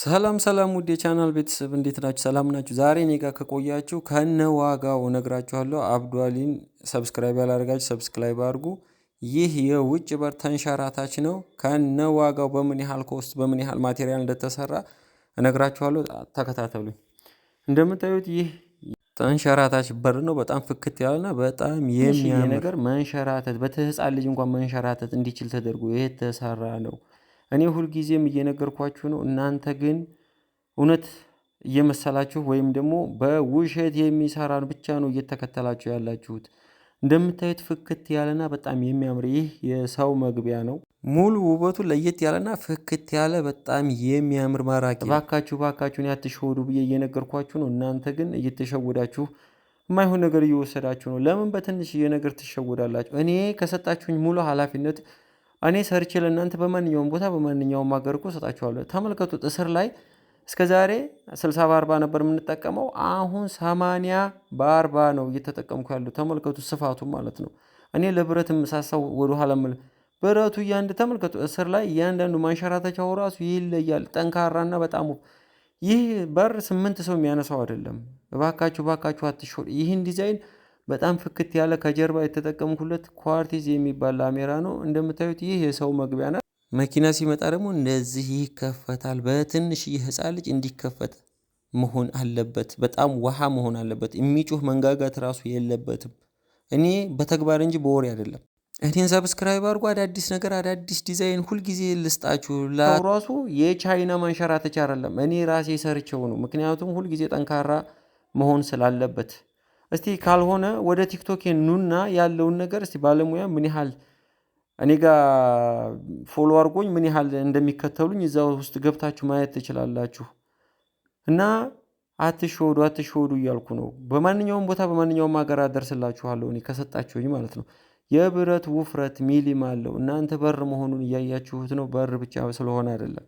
ሰላም ሰላም ውድ የቻናል ቤተሰብ እንዴት ናችሁ? ሰላም ናችሁ? ዛሬ እኔ ጋር ከቆያችሁ ከነ ዋጋው ነግራችኋለሁ። አብዱአሊን ሰብስክራይብ ያላደርጋችሁ ሰብስክራይብ አድርጉ። ይህ የውጭ በር ተንሸራታች ነው። ከነ ዋጋው በምን ያህል ኮስት፣ በምን ያህል ማቴሪያል እንደተሰራ እነግራችኋለሁ። ተከታተሉኝ። እንደምታዩት ይህ ተንሸራታች በር ነው። በጣም ፍክት ያለና በጣም የሚያምር ነገር መንሸራተት፣ በህፃን ልጅ እንኳን መንሸራተት እንዲችል ተደርጎ የተሰራ ነው። እኔ ሁልጊዜም እየነገርኳችሁ ነው። እናንተ ግን እውነት እየመሰላችሁ ወይም ደግሞ በውሸት የሚሰራን ብቻ ነው እየተከተላችሁ ያላችሁት። እንደምታዩት ፍክት ያለና በጣም የሚያምር ይህ የሰው መግቢያ ነው። ሙሉ ውበቱ ለየት ያለና ፍክት ያለ በጣም የሚያምር ማራኪ። ባካችሁ ባካችሁን ያትሸወዱ ብዬ እየነገርኳችሁ ነው። እናንተ ግን እየተሸወዳችሁ የማይሆን ነገር እየወሰዳችሁ ነው። ለምን በትንሽ ነገር ትሸወዳላችሁ? እኔ ከሰጣችሁኝ ሙሉ ኃላፊነት እኔ ሰርቼ ለእናንተ በማንኛውም ቦታ በማንኛውም ሀገር እኮ ሰጣችኋለሁ። ተመልከቱ እስር ላይ እስከ ዛሬ 60 በ40 ነበር የምንጠቀመው። አሁን 80 በ40 ነው እየተጠቀምኩ ያሉ። ተመልከቱ ስፋቱ ማለት ነው። እኔ ለብረት የምሳሳው ወደኋላ ምል ብረቱ እያንድ ተመልከቱ እስር ላይ እያንዳንዱ ማንሸራተቻው ራሱ ይለያል። ጠንካራና በጣም ይህ በር ስምንት ሰው የሚያነሳው አይደለም። እባካችሁ እባካችሁ አትሾ ይህን ዲዛይን በጣም ፍክት ያለ ከጀርባ የተጠቀምኩለት ኳርቲዝ የሚባል ላሜራ ነው። እንደምታዩት ይህ የሰው መግቢያ ናት። መኪና ሲመጣ ደግሞ እንደዚህ ይከፈታል። በትንሽ ህፃን ልጅ እንዲከፈት መሆን አለበት። በጣም ውሃ መሆን አለበት። የሚጮህ መንጋጋት ራሱ የለበትም። እኔ በተግባር እንጂ በወሬ አይደለም። እኔን ሰብስክራይብ አድርጎ አዳዲስ ነገር አዳዲስ ዲዛይን ሁልጊዜ ልስጣችሁ። ራሱ የቻይና መንሸራተቻ አይደለም፣ እኔ ራሴ ሰርቸው ነው። ምክንያቱም ሁልጊዜ ጠንካራ መሆን ስላለበት እስቲ ካልሆነ ወደ ቲክቶኬ ኑና ያለውን ነገር እስቲ ባለሙያ ምን ያህል እኔ ጋር ፎሎ አርጎኝ ምን ያህል እንደሚከተሉኝ እዛ ውስጥ ገብታችሁ ማየት ትችላላችሁ። እና አትሸወዱ አትሸወዱ እያልኩ ነው። በማንኛውም ቦታ በማንኛውም ሀገር አደርስላችኋለሁ እኔ ከሰጣችሁኝ ማለት ነው። የብረት ውፍረት ሚሊም አለው። እናንተ በር መሆኑን እያያችሁት ነው። በር ብቻ ስለሆነ አይደለም።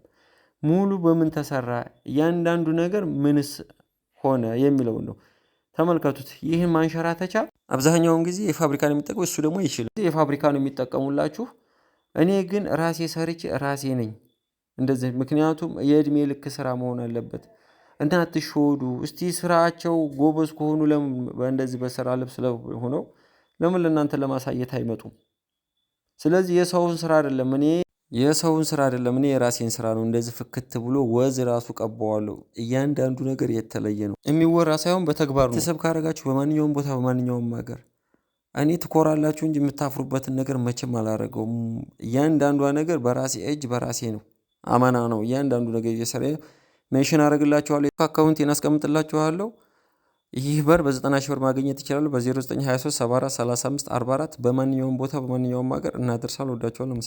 ሙሉ በምን ተሰራ፣ እያንዳንዱ ነገር ምንስ ሆነ የሚለውን ነው። ተመልከቱት። ይህ ማንሸራተቻ አብዛኛውን ጊዜ የፋብሪካን የሚጠቀሙ፣ እሱ ደግሞ ይችላል። የፋብሪካን የሚጠቀሙላችሁ። እኔ ግን ራሴ ሰርቼ ራሴ ነኝ እንደዚህ። ምክንያቱም የእድሜ ልክ ስራ መሆን አለበት እና አትሸወዱ። እስቲ ስራቸው ጎበዝ ከሆኑ ለምን እንደዚህ በስራ ልብስ ሆነው ለምን ለእናንተ ለማሳየት አይመጡም? ስለዚህ የሰውን ስራ አይደለም እኔ የሰውን ስራ አይደለም እኔ የራሴን ስራ ነው እንደዚህ ፍክት ብሎ ወዝ ራሱ ቀባዋለሁ። እያንዳንዱ ነገር የተለየ ነው የሚወራ ሳይሆን በተግባር ነው። ቤተሰብ ካረጋችሁ በማንኛውም ቦታ በማንኛውም ሀገር እኔ ትኮራላችሁ እንጂ የምታፍሩበትን ነገር መቼም አላረገውም እያንዳንዷ ነገር በራሴ እጅ በራሴ ነው አማና ነው። እያንዳንዱ ነገር እየሰራ ሜንሽን አደርግላችኋለሁ አካውንቴን አስቀምጥላችኋለሁ። ይህ በር በ90 ሺህ ብር ማግኘት ይችላሉ። በ0923 በማንኛውም ቦታ በማንኛውም ሀገር እናደርሳል። ወዳችኋለሁ።